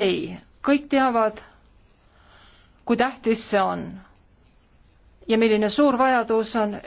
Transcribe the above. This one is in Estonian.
ei, kõik teavad, kui tähtis see on ja milline suur vajadus on